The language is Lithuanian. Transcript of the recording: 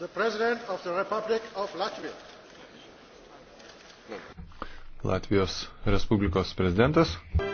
the President of the Republic of Latvia. Latvijos Respublikos prezidentas.